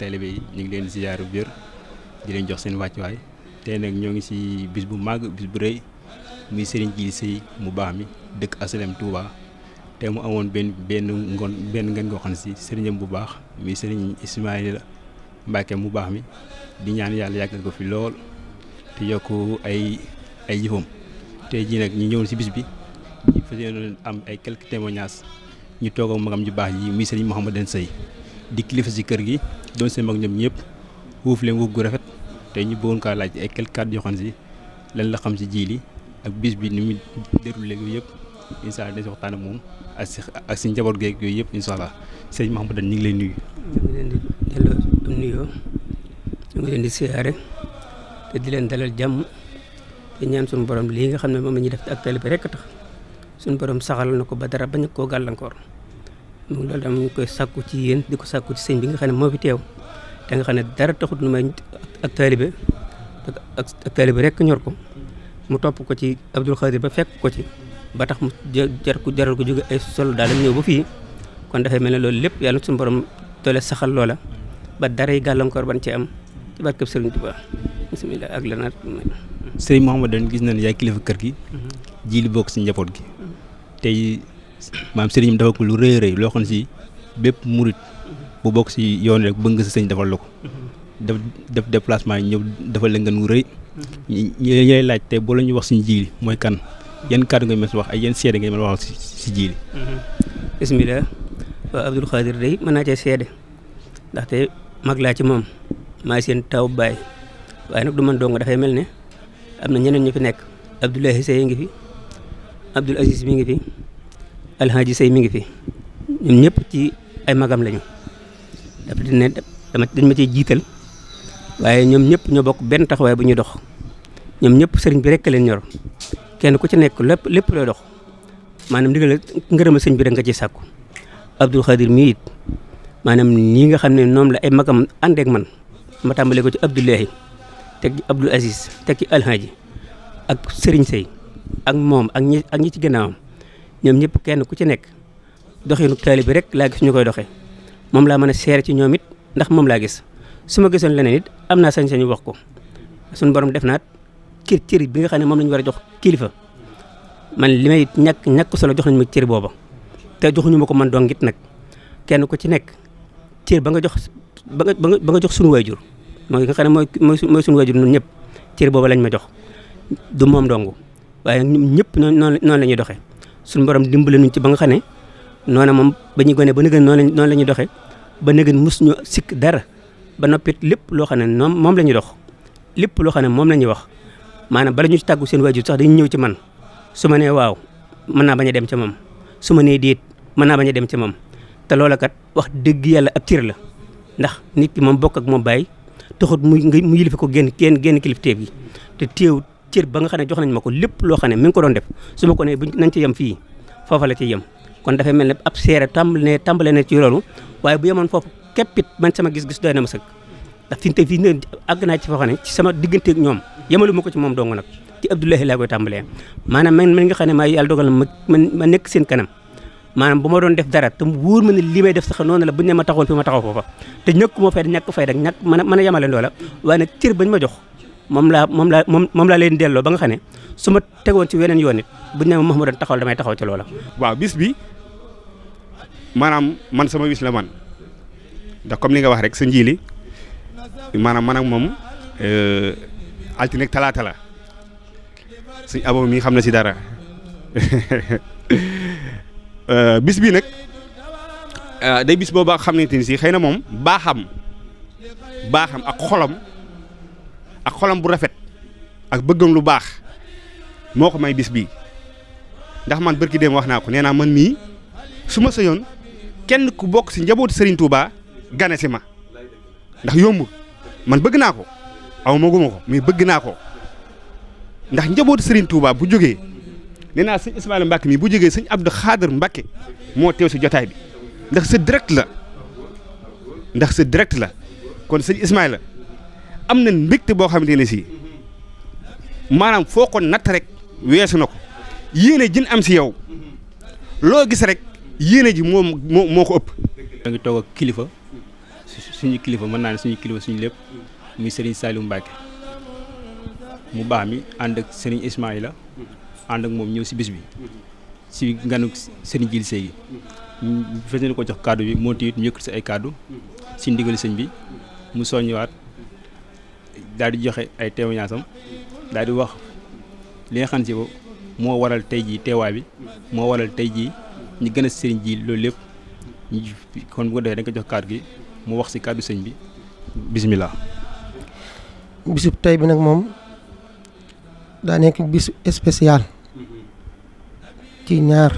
taalibe yi ñu ngi leen ziyaaru biir di leen jox seen wàccuwaay tey nag ñoo ngi ci bis bu màgg bis bu rëy muy sëriñ Djily Seye mu baax mi dëkk Asalem Touba te mu amoon benn benn ngoon benn ngeen goo xam si sëriñam bu baax muy Serigne la Mbacke mu baax mi di ñaan yàlla yàggal ko fi lool te yokk ay ay yëfam tey jii nag ñu ñëwul si bis bi ñu fas am ay quelques témoignages ñu toog ak magam ju baax yi muy Serigne Mouhamadou Seye di kilifa si kër gi doon seen mag ñoom ñëpp wuuf leen wuuf gu rafet te ñu bëggoon kaa laaj ay quelques kàddu yoo xam si lan la xam si jiili ak bis bi ni mu déroulé yooyu yëpp incha allah dañ si waxtaan ak moom ak si ak si njaboot geeg yooyu yëpp incha allah sëñ ñu ngi lay nuyu. ñu ngi leen di delloo ngi leen di siyaare te di leen dalal jàmm te ñaan suñu borom lii nga xam ne moom la ñuy def ak taalibe bi rek tax suñu borom saxalal na ko ba dara bañ koo gàllankoor. loolu dama ñu koy sàkku ci yéen di ko sàkku ci sëñ bi nga xam ne moo teew te nga xam ne dara taxut nu may ak taalibe ak taalibe rek ñor ko mu topp ko ci Abdul Xaadir ba fekk ko ci ba tax mu jar ko jaral ko jóge ay sol daal ñëw ba fii kon dafay mel ne loolu lépp yàlla suñu borom doole saxal loola ba dara yi gàllankoor ban ci am ci barkeb Sëriñ Tuubaa bismillah ak lanaat Sëriñ Mouhamadou gis nañu yaay kilifa kër gi mhm. ji bokk si njaboot gi mhm. maam sëriñam dafa ko lu rëy rëy loo xam si bépp murit bu bokk si yoon rek bëgg nga sa sëñ defal la ko def def déplacement yi la ngeen wu rëy ñu lay laaj te boo la ñuy wax suñu jiili mooy kan yan kàddu nga mën wax ay yan seede nga mën wax si si jiili bismillah waaw Abdul Xaadir day mën naa cee seede ndaxte mag laa ci moom maay seen taw baay waaye nag du man dong dafay mel ne am na ñeneen ñu fi nekk Abdoulaye Seye ngi fi Abdoul Aziz mi ngi fi alxaaji sey mi ngi fi ñoom ñëpp ci ay magam lañu dafa dañ ma ciy jiital waaye ñoom ñëpp ñoo bokk benn taxawaay bu ñuy dox ñoom ñëpp sëriñ bi rek leen ñor kenn ku ci nekk lépp lépp loo dox maanaam ndigal ngërëmal sëñ bi rek nga ci sàkku Abdul Xaadir mii it maanaam ñi nga xam ne noom la ay magam àndeek man ma tàmbalee ko ci Abdullahi teg ci Abdul Aziz teg ci alxaaji ak sëriñ sey ak moom ak ñi ak ci gannaawam ñoom ñëpp kenn ku ci nekk doxinu taalibe rek laa gis ñu koy doxee moom laa mën a seere ci ñoom it ndax moom laa gis suma ma gisoon leneen it am naa sañ sañ wax ko suñu borom def naat cër cër bi nga xam ne moom la war a jox kilifa man li may ñàkk ñàkk solo jox nañ ma cër booba te joxuñu ma ko man dong nag kenn ku ci nekk cër ba nga jox ba nga ba nga jox suñu waajur mooy nga xam ne mooy mooy suñu waajur ñun ñëpp cër booba lañ ma jox du moom dong waaye ñun ñëpp noonu noonu la ñuy doxee. suñu borom dimbale nuñ ci ba nga xam ne noonu moom ba ñu gone ba nëgën noonu la ñuy doxee ba nëgën mus ñu sikk dara ba noppit lépp loo xam ne noom moom la ñuy dox lépp loo xam ne moom la ñuy wax maanaam bala ñu ci tàggu seen waajur sax dañu ñëw ci man su ma nee waaw mën naa bañ a dem ca moom su ma nee déet naa bañ a dem ca moom te loola kat wax dëgg yàlla ab cër la ndax nit ki moom bokk ak moom bàyyi taxut mu mu yilife ko génn kenn génn kilifteef gi te teewut cër ba nga xam ne jox nañ ma ko lépp loo xam ne mi ngi ko doon def su ma ko ne buñ nañ fii foofa la ci yem kon dafay mel ne ab seere tàmbale ne tàmbale ne ci loolu waaye bu yemoon foofu képpit man sama gis-gis doy na ma sëkk ndax fii tey fii ne àgg naa ci foo xam ne ci sama digganteeg ñoom yemalu ma ko ci moom dong nag ci Abdoulahi laa koy tàmbalee maanaam na xam ne maa yàlla dogal ma ma nekk seen kanam maanaam bu ma doon def dara te mu wóor ma ne li may def sax noon la buñ ne ma taxawal fi ma taxaw foofa te ñàkk moo fay ñàkk a mën a yemale loola waaye nag cër bañ ma jox moom laa moom laa moom moom laa leen delloo ba nga xam ne su ma tegoon ci weneen yoon it bu ñu nee Mahmoudan taxaw damay taxaw ci loola. waaw bis bi maanaam man sama bis la man ndax comme li nga wax rek sa njiili maanaam man moom euh, altine ak talaata la suñ abo mi xam na si dara euh, bis bi nag euh, day bis booba xam ni si xëy na moom baaxam baaxam ak xolam. ak xolam bu rafet ak bëggam lu baax moo ko may bis bii ndax man bërki dem wax naa ko nee naa man mii su ma sëyoon kenn ku bokk si njabootu sëriñ Touba gane si ma ndax yomb man bëgg naa ko aw maguma ko mais bëgg naa ko ndax njabootu Serigne Touba bu jógee nee naa sëñ Ismaïla Mbacke mii bu jógee sëñ Abdou Khader Mbacke moo teew si jotaay bi ndax sa direct la ndax sa direct la kon sëñ Ismaïla am na mbégte boo xamante ne sii maanaam foo ko natt rek weesu na ko yéene jin am si yow loo gis rek yéene ji moo moo ko ëpp. da ngi toog ak kilifa suñu kilifa mën naa ne suñu kilifa suñu lépp muy Serigne Saliou Mbacke mu baax mi ànd ak Serigne Ismaïla ànd ak moom ñëw si bis bi si nganu Serigne Djily Seye gi fas ko jox kàddu bi moo tiit ñu yëkkati si ay kàddu si ndigal sëñ bi mu soññiwaat daal di joxe ay témoignages daal di wax li moo waral tey jii teewaay bi moo waral tey jii ñu gën a sëriñ ji loolu lépp ñu kon bu ko defee dañ jox kàddu gi mu wax si kàddu sëñ bi bisimilah. bisub tey bi nag moom daa nekk bisu spécial ci ñaar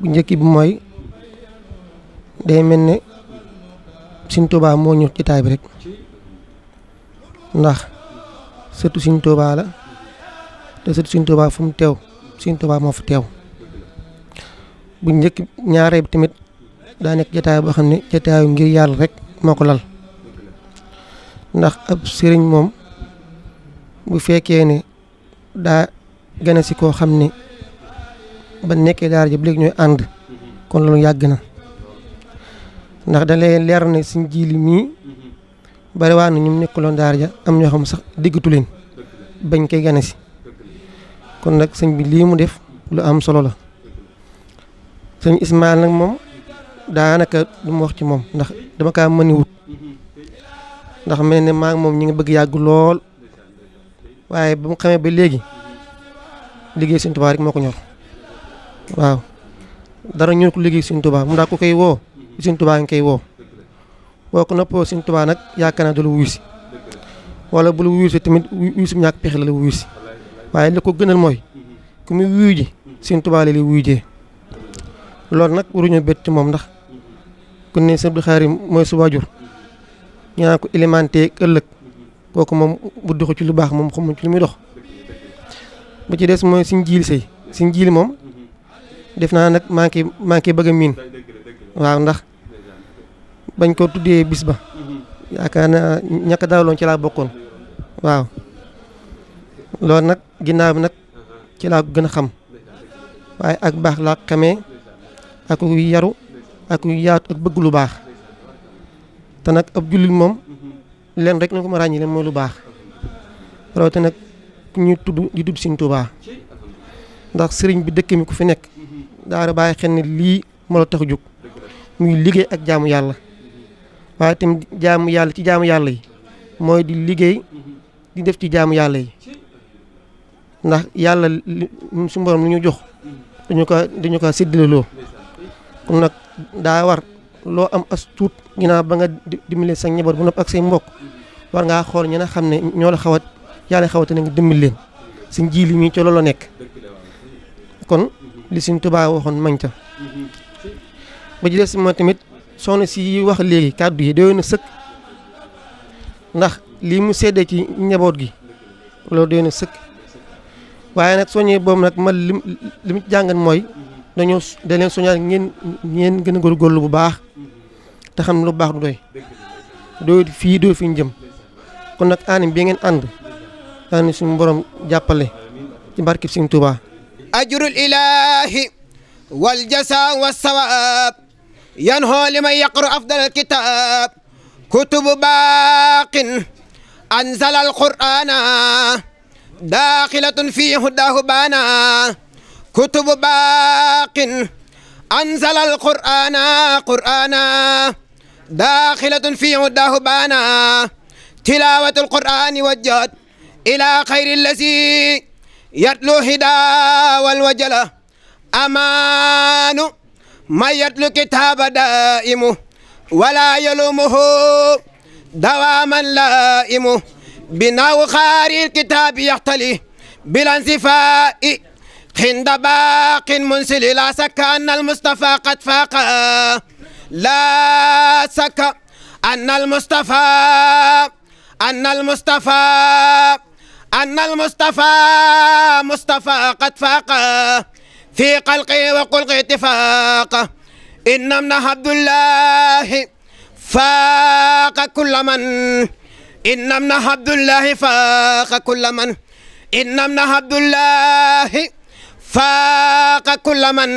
bu njëkk bi mooy day mel ni Sëñ Tuubaa moo ñu jotaay bi rek. ndax sëtu Sëñ Tuubaa la te sëtu Sëñ Tuubaa fu mu teew Sëñ Tuubaa moo fu teew bu njëkk ñaaree bi tamit daa nekk jataay boo xam ne jataayu ngir yàlla rek moo ko lal ndax ab sëriñ moom bu fekkee ne daa gane si koo xam ne ba nekkee daara ji ba léegi ñooy ànd kon loolu yàgg na ndax da leer ne suñ jiili mii bari waa na ñu nekkuloon daar ja am ñoo xam sax diggatu leen bañ koy gane si kon nag sëñ bi lii mu def lu am solo la sëñ Ismaël nag moom daanaka du ma wax ci moom ndax dama kaa mën wut mel ne maa ngi moom ñu ngi bëgg yàgg lool waaye ba mu xamee ba léegi liggéey Sëñ Tuubaa rek moo ko ñor waaw dara ñu liggéey Sëñ Tuubaa mu daa ko koy woo Sëñ Tuubaa ngi koy woo boo ko noppoo Sëñ Tuubaa nag yaakaar naa du la wuyu si wala bu la wuyu tamit wuyu si ñàkk pexe la la wuyu si waaye li ko gënal mooy ku muy wuyu ji Sëñ Tuubaa la lay wuyu jee loolu nag waruñu bett moom ndax kon ne Sëñ Abdou Khadr mooy su waajur ñu naan ko alimenté ëllëg kooku moom bu doxu ci lu baax moom xamuñ ci lu muy dox bu ci des mooy Sëñ Jiili Sey Sëñ Jiili moom def naa nag maa ngi koy maa koy bëgg a miin waaw ndax. bañ koo tuddee bis ba yaakaar na ñàkk daaloon ci laa bokkoon waaw loolu nag ginnaaw bi nag ci laa gën a xam waaye ak baax laa xamee ak yaru ak yaatu ak bëgg lu baax te nag ab jullit moom leen rek nañ ko ma ràññi leen mooy lu baax rawate nag ñu tudd di tudd Sëriñ Tuubaa ndax sëriñ bi dëkk mi ku fi nekk daara bàyyi xel lii moo la tax a jóg muy liggéey ak jaamu yàlla waaye itam jaamu yàlla ci jaamu yàlla yi mooy di liggéey di def ci jaamu yàlla yi ndax yàlla su mboroom lu ñu jox dañu ko dañu ko séddale loo kon nag daa war loo am as tuut ba nga dimbali sa njaboot bu nopp ak mbokk war ngaa xool ñi xam ne ñoo xaw a yàlla xawate na nga leen suñ ji li mii ci loolu nekk kon li suñ Tuubaa waxoon mañ ca ba ji des moo tamit soxna si wax léegi kàddu yi doy na sëkk ndax lii mu seddee ci njaboot gi loolu doy na sëkk waaye nag soññee boobu nag ma lim li mu jàngat mooy dañoo da leen soññaat ngeen ngeen gën a góorgóorlu bu baax te xam lu baax du doy doy fii doy fi ñu jëm kon nag aanim bi ngeen ànd aanim suñu borom jàppale ci barkib Sëriñ Tuubaa ajrul ilaahi wal jasaa ينهو لمن يقرأ أفضل الكتاب كتب باق أنزل القرآن داخلة في هداه بانا كتب باق أنزل القرآن قرآنا داخلة في هداه بانا تلاوة القرآن وجهت إلى خير الذي يتلو هدا والوجلة أمان ما يتلو كتاب دائم ولا يلومه دواما لائم بناو خاري الكتاب يختلي بلا انزفاء حين باق منسل لا سك أن المصطفى قد فاق لا سك أن المصطفى أن المصطفى أن المصطفى مصطفى قد فاق في قلقي وقلق اتفاقا إن ابن عبد الله فاق كل من إن ابن عبد الله فاق كل من إن ابن عبد الله فاق كل من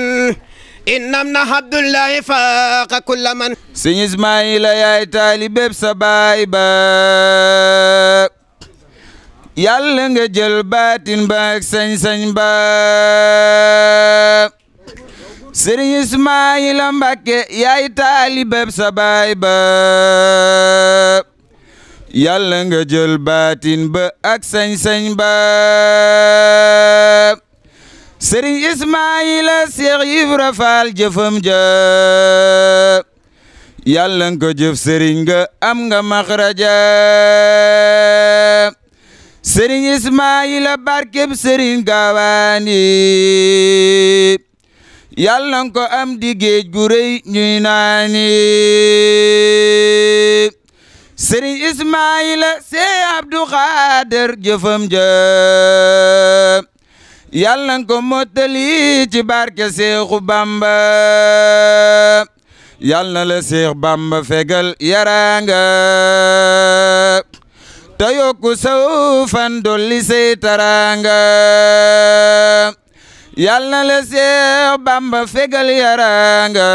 إن ابن عبد الله فاق كل من سن إسماعيل يا تالي بيب سبايبك yàlla nga jël baatin ba ak sañ-sañ ba sëriñ Ismaayila Mbàkke yaay taalibeb sa ba yàlla nga jël baatin ba ak sañ-sañ ba sëriñ Ismaayila Seex Ibra Faal jëfam ja yàlla nga ko jëf sëriñ nga am nga maxraja sëriñ Ismaayila barkeb sëriñ Gawaani yal ko am di géej gu rëy ñuy sëriñ Ismaayila see Abdu Xaadir jëfam ja yal ko mottali ci barke Seexu Bamba yal na la Seex Bamba fegal yaranga te yokku saw fan dolli say taraanga yal na la Seex Bamba fegal yaraanga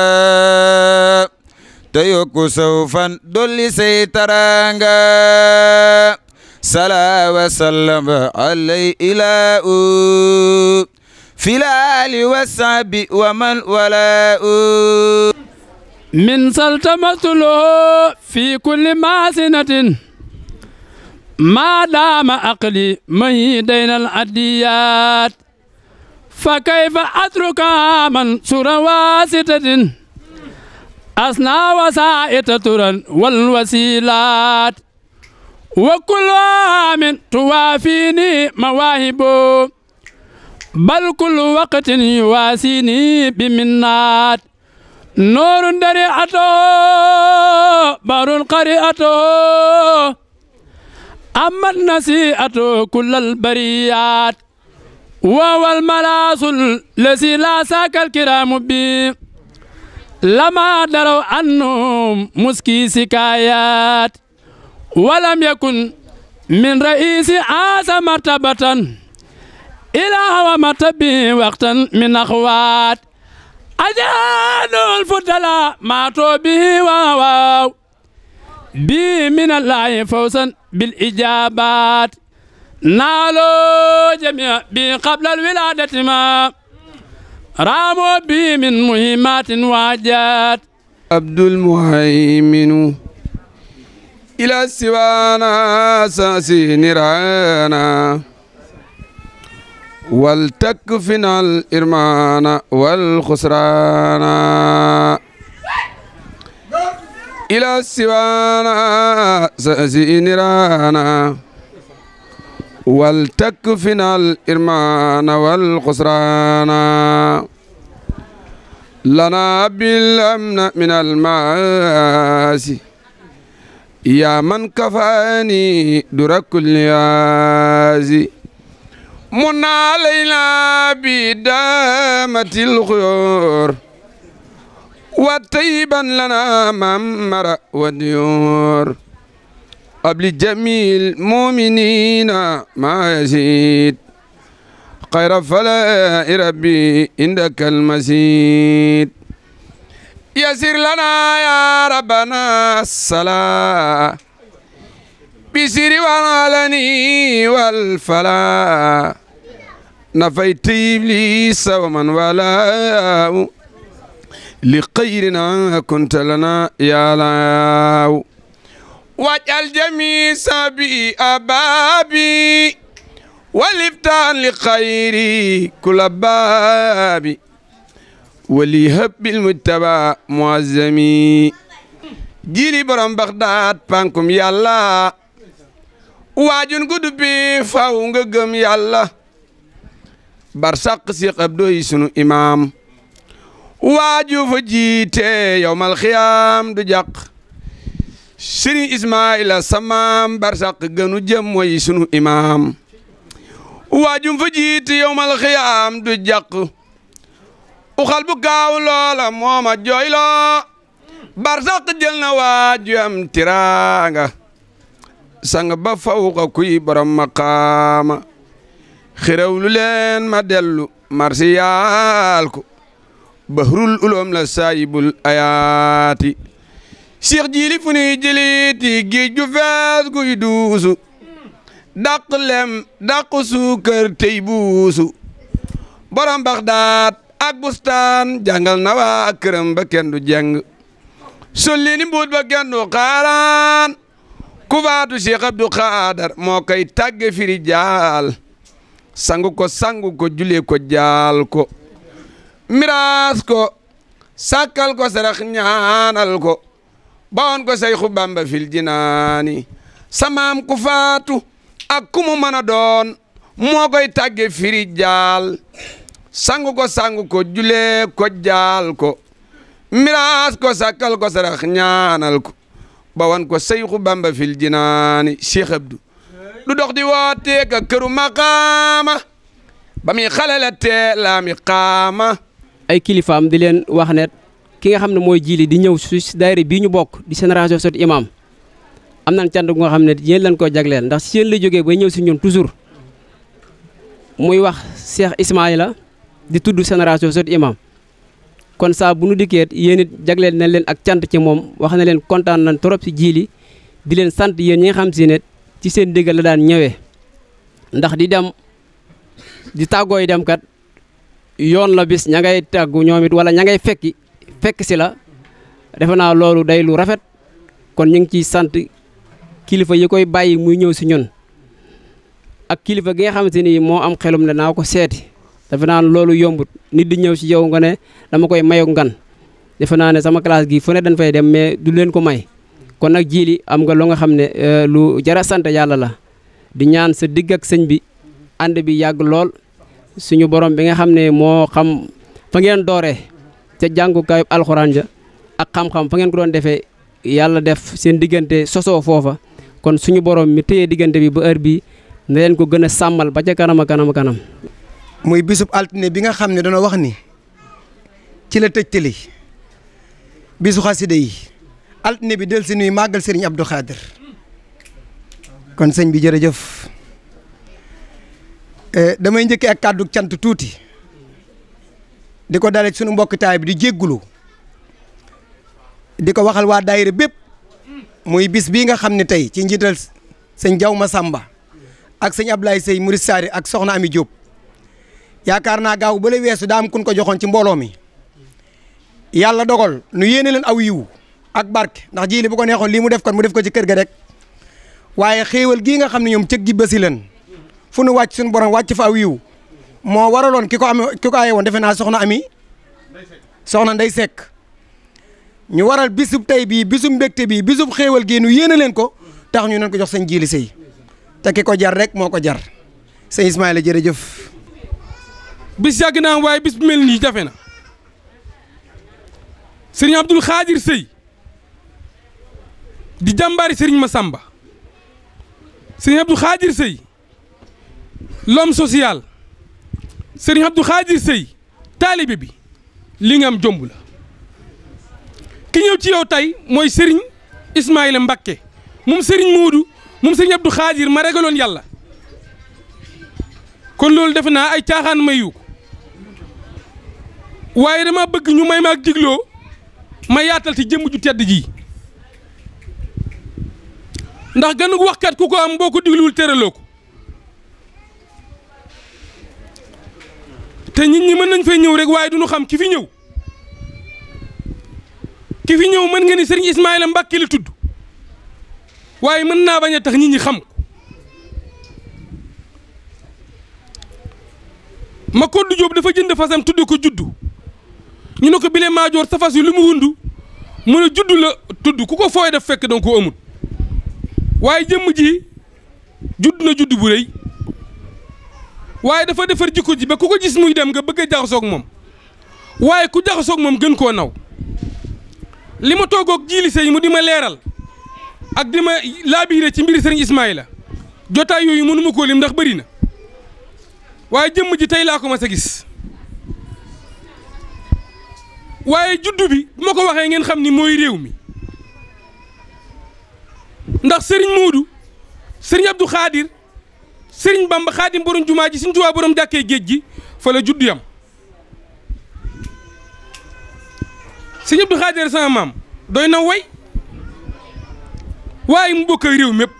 te yokku saw fan dolli say taraanga salaa alay ilaahu fil aali wa sahbi wa man walaahu min saltamatul fi kulli maasinatin maadaama aqli mahi daynal addiyaat fa kayfa atruka man sura waasitatin asna wasaa'ita turan wal wasilaat wa kullu aamin tuwaafini mawaahibu bal kullu waqtin yuwaasini biminnaat nuurun dari ato barun qari ato أما النسيئة كل البريات وهو الملاس الذي لا ساك الكرام به لما دروا عنهم مسكي سكايات ولم يكن من رئيس عاز مرتبة إلى ومت به وقتا من أخوات أجهاد الفضلاء ماتوا به وواو به من الله فوزا بالإجابات نالوا جميع بي قبل الولادة ما راموا بي من مهمات وعجات عبد المهيمن إلى سوانا ساسي نرانا والتكفنا الإرمان والخسران إلى سوانا سأزي نيرانا ولتكفنا الإرمان والخسران لنا بالأمن من المعاصي يا من كفاني در كل يازي من علينا بدامة الخيور وطيبا لنا ممر وديور قبل جميع المؤمنين ما يزيد خير فلا ربي عندك المزيد يسر لنا يا ربنا الصلاة بسر وعلني والفلا نفيت إبليس ومن والاه li xayrina kunta lana yaalaaw wajal jami sabi ababi waliftaan li xayri kula baabi wali habbil mujtaba muazzami jili borom baxdaat pankum yàlla waajun gudu bi faw nga gëm yàlla barsàq si xab doy sunu imaam waaju fa jiite yowmal xiyaam du jàq sëriñ ismaila samaam barsàq gënu jëm mooy sunu imaam waajum fa jiite yowmal xiyaam du jàq uxal bu gaaw mooma jooyloo barsàq jël na waaju am tiraanga sang ba fawqa kuy borom maqaama xiraw lu leen ma dellu marsiyaal ko bahrul ulum la saayibul ayaati Cheikh Jili fu nuy jëleeti géej gu fees guy duusu dàq lem dàq suukar tey buusu borom baxdaat ak bustaan jàngal na waa këram ba kenn du jàng solli ni mbuut ba kenn du xaaraan ku faatu Cheikh Abdou Khadar moo koy tàgge firi jaal sangu ko sangu ko julee ko jaal ko miraas ko sàkkal ko sarax ñaanal ko bawoon ko sayxu bamba fil jinaani samaam ku faatu ak ku mu mën a doon moo koy tàgge firi jaal sangu ko sangu ko julee ko jaal ko miraas ko sàkkal ko sarax ñaanal ko bawoon ko sayxu bamba fil jinaani Cheikh Abdou du dox di wooteeka këru maqaama ba muy xalala tee laami qaama ay kilifaam di leen wax ne ki nga xam ne mooy jili di ñëw si daayira bii ñu bokk di génération sot imam am nañ cant gu nga xam ne yéen lañ koo jagleel ndax si yéen lay jógee bay ñëw si ñun toujours muy wax Cheikh Ismaïla di tudd génération sot imam kon saa bu nu dikkee yéen it jagleel nañ leen ak cant ci moom wax na leen kontaan nañ trop si jili di leen sant yéen ñi nga xam si ne ci seen diggal la daan ñëwee ndax di dem di tàggooy dem kat yoon la bis ña ngay tàggu ñoom it wala ña ngay fekki fekk si la defe naa loolu day lu rafet kon ñu ngi ciy sant kilifa yi koy bàyyi muy ñëw si ñun ak kilifa gi nga xamante ni moo am xelum ne naa ko seeti defe naa loolu yombut nit di ñëw si yow nga ne dama koy mayoog ngan defe naa ne sama classe gi fu ne dañ fay dem mais du leen ko may kon nag jiili am nga loo nga xam ne euh, lu jara sant yàlla la di ñaan sa digg ak sëñ bi ànd bi yàgg lool suñu borom bi nga xam ne moo xam fa ngeen doore ca jàngukaayub alxuraan ja ak xam-xam fa ngeen ko doon defee yàlla def seen diggante sosoo foofa kon suñu borom mi téye diggante bi ba heure bi na leen ko gën a sàmmal ba ca kanam a kanam a kanam. muy bisub altine bi nga xam ne dana wax ni ci la tëjtali bisu xaside yi altine bi del si nuy màggal Serigne Abdou Khadir kon sëñ bi jërëjëf. Eh, damay njëkkee ak kàddu cant tuuti di ko dale sunu mbokk bi di jéggulu di ko waxal waa daayira bépp muy bis bii nga xam ne tey ci njiital sëñ Jaw samba ak sëñ Ablaye Sey Murid Saari ak soxna Ami Diop yaakaar naa gaaw ba la weesu daam am kun ko joxoon ci mbooloo mi yàlla dogal nu yéene leen aw yiw ak barke ndax ji li bu ko neexoon lii mu def kon mu def ko ci kër ga rek waaye xéewal gii nga xam ne ñoom cëg gi bési leen fu nu wàcc suñu borom wàcc fa aw yiw moo waraloon ki ko am ki ko aye woon defe naa soxna ami soxna nday sekk ñu waral bisub tey bii bisub mbégte bii bisub xéewal gii nu yéene leen ko tax ñu nen ko jox sëñ jiili sëy te ki ko jar rek moo ko jar sëñ Ismaïla jërëjëf. bis yàgg naa waaye bis bu mel nii jafe na sëriñ Abdul Xaadir sëy di jàmbaari sëriñ Masamba sëriñ Abdul Xaadir sëy lom social Serigne Abdou Khadir Seye taalibe bi li nga am jomb la ki ñëw ci yow tey mooy Serigne Ismaïla Mbakke moom Serigne Moodu moom Serigne Abdou Khadir ma ragaloon yàlla kon loolu defe naa ay caaxaan may yu waaye dama bëgg ñu may maag digloo ma yaatal ci jëmm ju tedd ji ndax ganug waxkat ku ko am boo ko digluwul tëraloo ko te nit ñi mën nañ fa ñëw rek waaye du ñu xam ki fi ñëw ki fi ñëw mën nga ni sëriñ Ismaïla Mbàkke la tudd waaye mën naa bañ a tax nit ñi xam ko ma koddu Jóob dafa jënd fasam tudd ko juddu ñu ne ko bile maajoor safas fas yi lu mu wundu mu ne juddu la tudd ku ko fooy def fekk danga ko amul waaye jëmm ji judd na judd bu rëy waaye dafa defar jikko ji ba ku ko gis muy dem nga bëgg a jaxasoog moom waaye ku jaxasoog moom gën koo naw li ma toogoog jiili sëy mu di ma leeral ak di ma laabiire ci mbiri sëriñ Ismaayla jotaay yooyu mënu ma koo lim ndax bëri na waaye jëmm ji tey laa ko mas gis waaye juddu bi ma ko waxee ngeen xam ni mooy réew mi ndax sëriñ Moodu sëriñ Abdou sëriñ Bamba xaadim borom jumaa ji suñ jumaa borom jàkkee géej gi fa la juddu yam sëñ Abdou doy na woy waaye mu bokk réew mépp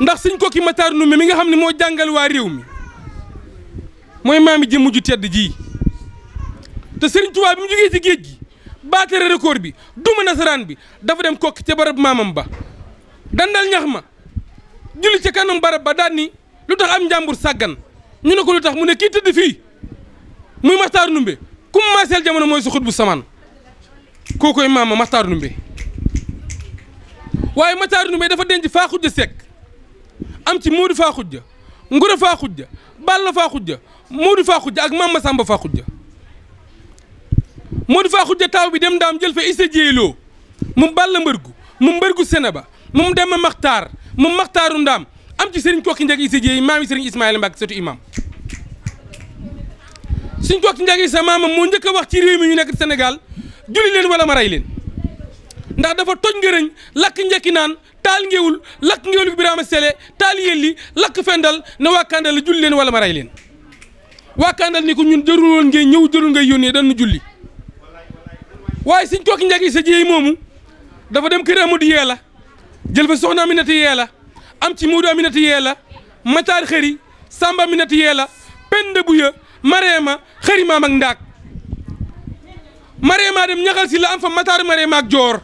ndax sëñ Kokki Matar Ndumbe mi nga xam ne moo jàngal waa réew mi mooy maami ji mujj tedd ji te sëriñ Tuubaa bi mu jógee ci géej gi baatere record bi duma nasaraan bi dafa dem kokki ca barab maamam ba dandal ñax ma julli ca kanam barab ba daan ni lu tax am njàmbur sàggan ñu ne ko lu tax mu ne kii tëdd fii muy Maxtaar Ndumbe kum maaseel jamono mooy su xut bu samaan kookoy maama Maxtaar Ndumbe waaye Maxtaar Ndumbe dafa denc faa xujja sekk am ci Moodu faa xujja Ngura faa xujja Balla faa xujja Moodu faa xujja ak Mama Samba faa xujja Moodu faa xujja taaw bi dem ndaam jël fa Issa Jéyloo mu Balla mbërgu mu mbërgu Seneba mu dem Maxtaar moom maxtaaru ndaam am ci sëriñ kokki njag isa jéey maam yi sëriñ ismaila mbàkke sëtu imam suñ kokki njag isa maamam moo njëkk wax ci réew mi ñu nekk senegal julli leen wala ma leen ndax dafa toj ngërëñ lakk njekki naan taal ngewul lakk ngewul biraama sele taal yelli lakk fendal ne waa Kàndal la julli leen wala ma leen waa ni ko ñun jërul woon ngay ñëw jërul ngay yónnee dañu julli waaye suñ kokki njag isa jéey moomu dafa dem kër amadu la jël fa soxna Aminata yee la am ci Moodu Aminata yee la Matar xëri Samba Aminata yee la Penda Buya Marema xëri maam ak ndaak dem ñaxal si am fa Matar Marema Joor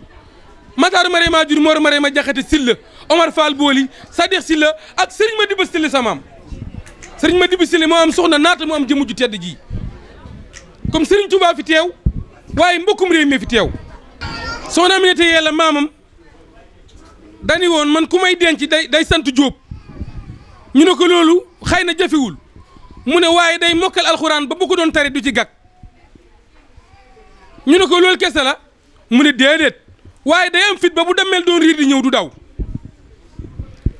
Matar Marema jur Mor Marema jaxate Silla Omar Fall Booli Sadikh Silla ak Serigne Madiba Silla samaam Serigne Madiba Silla moo am soxna naata mu am jëmu ju tedd ji comme Serigne Touba fi teew waaye mbokkum réew mi fi teew soxna Aminata yee la maamam. dani woon man ku may denc day day sant Jóob ñu ne ko loolu xëy na jafewul mu ne waaye day mokkal alxuraan ba bu ko doon tari du ci gag ñu ne ko loolu kese la mu ne déedéet waaye day am fit ba bu demel doon riir di ñëw du daw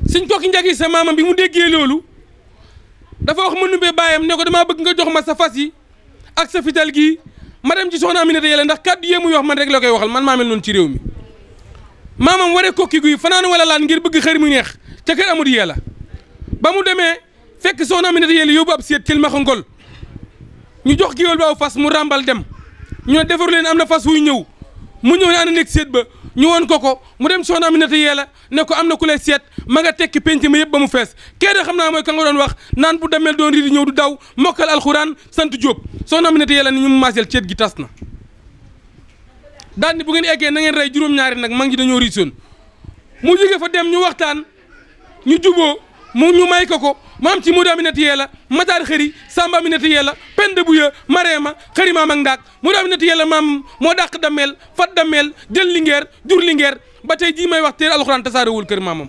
suñ tokki njagi sa maamam bi mu déggee loolu dafa wax ma numbee baayam ne ko dama bëgg nga jox ma sa fas yi ak sa fital gi ma dem ci soxna Aminata Yàlla ndax kàddu yee muy wax man rek la koy waxal man maa noonu ci réew mi maamam waree kokki guy fanaan wala laan ngir bëgg xëri mu neex ca kër amut yee la ba mu demee fekk soxna Aminata yéen yóbbu ab seet tilmaxa ngol ñu jox géwél ba aw fas mu ràmbal dem ñu ne defaru leen am na fas wuy ñëw mu ñëw ne ana nekk seet ba ñu woon ko ko mu dem soxna Aminata yee la ne ko am na ku lay seet ma nga tekki penc ma yëpp ba mu fees kee xam naa mooy ka nga doon wax naan bu demel doon ri ñëw du daw mokkal alxuraan sant Jóob soxna Aminata yee la ni ceet gi tas na daan ni bu ngeen eggee na ngeen rey juróom-ñaari nag mag ñi dañoo riisoon mu jóge fa dem ñu waxtaan ñu juboo mu ñu may ko ko maam ci Modou Aminata Yella Matar Xëri Samba Aminata Yella Penda Buya Marema Xëri maam ak ndaak Modou Aminata Yella maam moo dàq dameel fat dameel jël lingeer jur lingeer ba tey jii may wax téere alxuraan tasaarewul kër maamam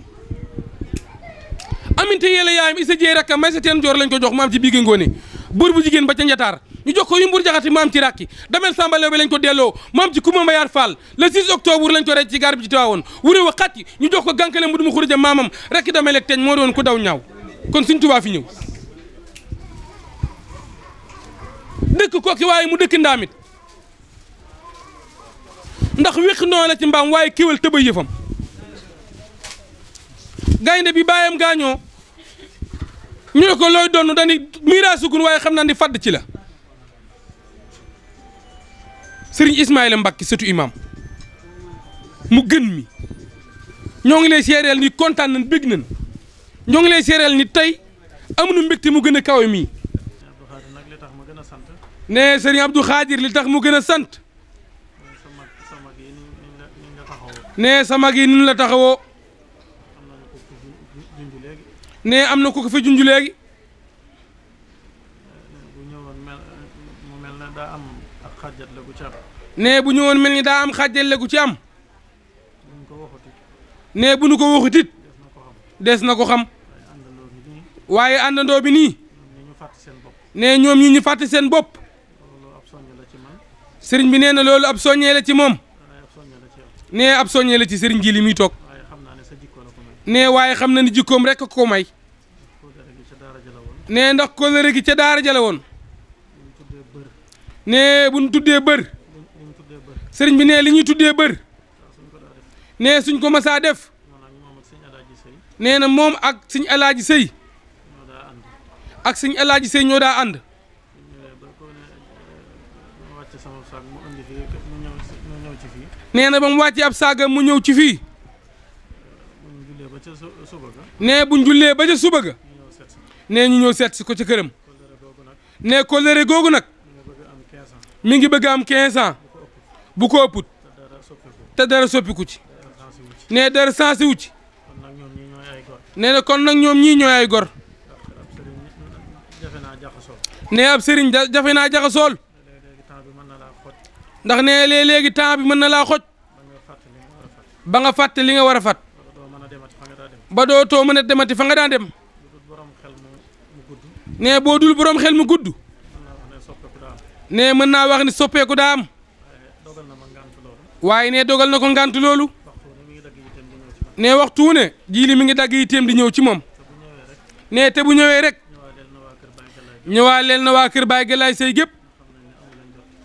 Aminata Yella yaayam isa jeey rakka may sa teen joor lañ ko jox maam ci biigi ngoone buur bu jigéen ba ca njataar ñu jox ko Yumbur Jaxate maam ci rakki damel Samba Lew bi lañ ko delloo maam ci Kumba Mayaar Fall le 6 octobre lañ ko rey ci gaar bi ci Tiwaawoon wuri wa xat yi ñu jox ko gànkale mu dum xuruja maamam rekk damel ak teñ moo doon ku daw ñaaw kon Sëñ Tuubaa fi ñëw dëkk kooki waaye mu dëkk ndaamit ndax wéq noo la ci mbaam waaye kéwél tëba yëfam gaynde bi bàyyam gaañoo ñu ne ko looy doon dañuy miiraasu gun waaye xam naa ni fàdd ci la sëriñ Ismaïla mbakki sëtu imam mu gën mi ñoo ngi lay seereel ni kontaan nañ bég nañ ñoo ngi lay seereel ni tey amuñu mbégte mu gën a kaw mii ne sëriñ Abdou Khadir li tax mu gën a sant ne sa mag yi ni la taxawoo ne am na ko ko fi junj léegi. nee bu ñëwoon mel ni daa am xàjjale gu ci am nee bu nu ko waxutit des na ko xam waaye àndandoo bi nii nee ñoom ñi ñu fàtte seen bopp sëriñ bi nee na loolu ab soññee la ci moom nee ab soññee la ci sëriñ ji li muy toog nee waaye xam na ni jikkoom rek ko may nee ndax kóllëre gi ca daara jala woon nee bu ñu tuddee bër sëriñ bi nee li ñuy tuddee bër nee suñ ko masaa def nee na moom ak suñ alaaji sëy ak suñ alaaji sëy ñoo daa ànd nee na ba mu wàccee ab saaga mu ñëw ci fii nee buñ jullee ba ca suba ga nee ñu ñëw set si ko ci këram nee kóllëre googu nag mi ngi bëgg am 15 ans bu ko ëpput te dara soppiku ci ne dara sensé wu ci nee na kon nag ñoom ñii ñooy ay gor ne ab sëriñ jafe naa jaxasool ndax ne léeg-léegi temps bi mën na laa xoj ba nga fàtte li nga war a fàtt ba dootoo mën a demati fa nga daan dem ne boo dul borom xel mu gudd ne mën naa wax ni soppeeku daa am waaye ne dogal na ko ngànt loolu ne waxtu ne jiili mi ngi dagg yitteem di ñëw ci moom ne te bu ñëwee rek ñëwaa leen na waa kër Baay Galaay Sey gépp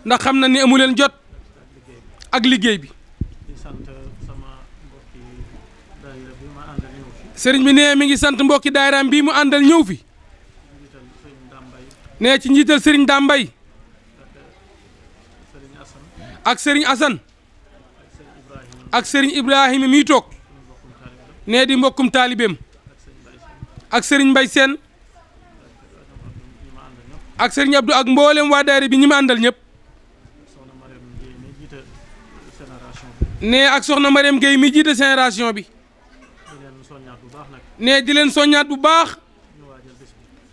ndax xam na ni amu leen jot ak liggéey bi sëriñ bi nee mi ngi sant mbokki daayiraam bii mu àndal ñëw fi nee ci njiital sëriñ Dambay ak sëriñ Assane ak sëriñ Ibrahima miy toog nee di mbokkum taalibeem ak sëriñ Mbay Seen ak sëriñ Abdou ak mboolem waa daayira bi ñi ma àndal ñëpp nee ak soxna Mariam Gueye mi jiite génération bi nee di leen soññaat bu baax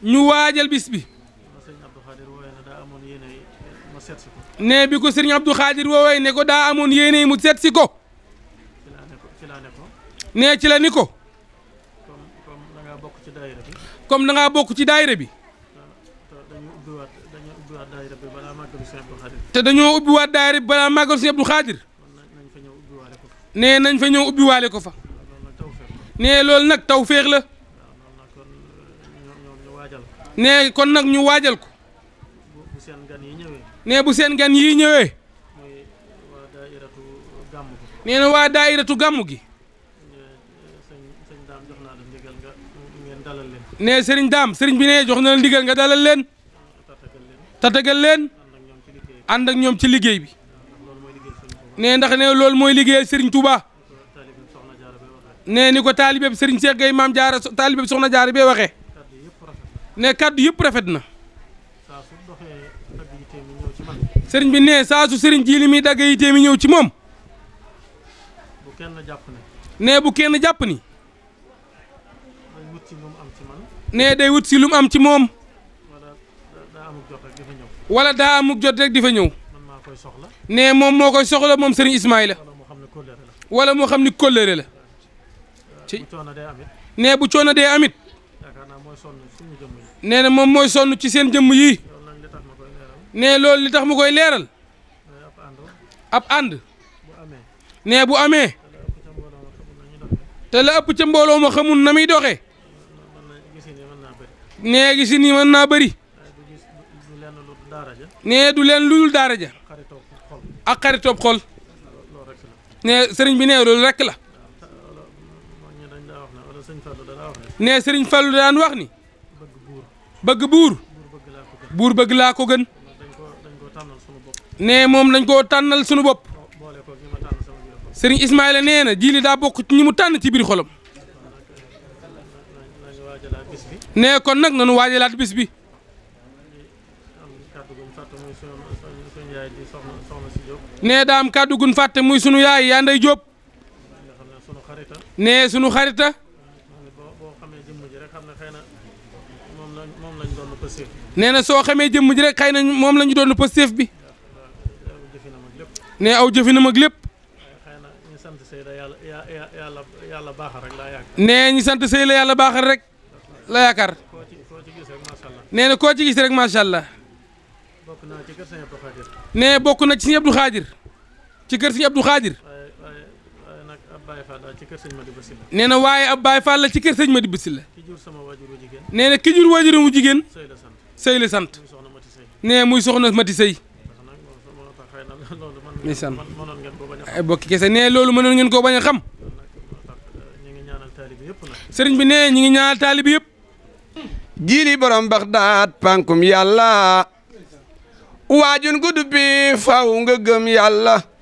ñu waajal bis bi nee bi ko sëriñ Abdou Khadir woowee ne ko daa amoon yéene mu seet si ko. nee ci la ni ko. comme da bokk ci daayira bi. comme da bokk ci daayira bi. te dañoo ubbiwaat daayira bi balaa màggal si Abdou Khadir. nee nañ fa ñëw ubbiwaale ko fa. nee loolu nag taw féex la. nee kon nag ñu waajal ko. nee bu seen gan yii ñëwee. nee na waa daayiratu gàmm gi. ne sëriñ daam sëriñ bi ne jox na la ndigal nga dalal leen tatagal leen ànd ak ñoom ci liggéey bi ne ndax ne loolu mooy liggéey sëriñ Touba ne ni ko taalibe bi sëriñ Cheikh Gueye maam jaara taalibe bi soxna jaara bee waxee ne kaddu yëpp rafet na sëriñ bi ne saa sëriñ ji li muy dagg yitee mi ñëw ci moom ne bu kenn jàpp ni nee day wut si lu mu am ci moom wala daa amuk jot rek di fa ñëw nee moom moo koy soxla moom sëriñ Ismaïla wala moo xam ni kóllëre la ci nee bu coono dee amit nee na moom mooy sonn ci seen jëmm yii nee loolu li tax mu koy leeral ab ànd nee bu amee te la ëpp ca mbooloo ma xamul na muy doxee nee gi si nii mën naa bëri. nee du leen lu dul daara ja. ak xaritoob xol. nee sëriñ bi nee loolu rek la. nee sëriñ Fallou daan wax ni. bëgg buur. buur bëgg laa ko gën. nee moom dañ koo tànnal sunu bopp. sëriñ Ismaïla nee na jiili daa bokk ci ñi mu tànn ci biir xolam. nee kon nag nu waaje waajalaat bis bi nee daam kàddu gun fàtte muy sunu yaay yaa nday Jóob nee sunu xarita nee na soo xamee jëmm ji rek xëy na moom la ñu doon Pastef bi nee aw jëfinam mag lépp nee ñi sant sëy la yàlla baaxal rek la yaakaar nee na koo ci gis rek macha allah nee bokk na ci sëñ Abdou Khadir ci kër sëñ Abdou Khadir nee na waaye ab Baay Faal la ci kër sëñ Madiba Sylla nee na ki jur waajuru mu jigéen sëy la sant nee muy soxna Mati Sëy ndeysaan ay bokki kese nee loolu mënoon ngeen koo bañ a xam sëriñ bi nee ñi ngi ñaanal taalibi yëpp. jiili borom baxdaat pankum yàlla waajun gudd bi faw nga gëm yàlla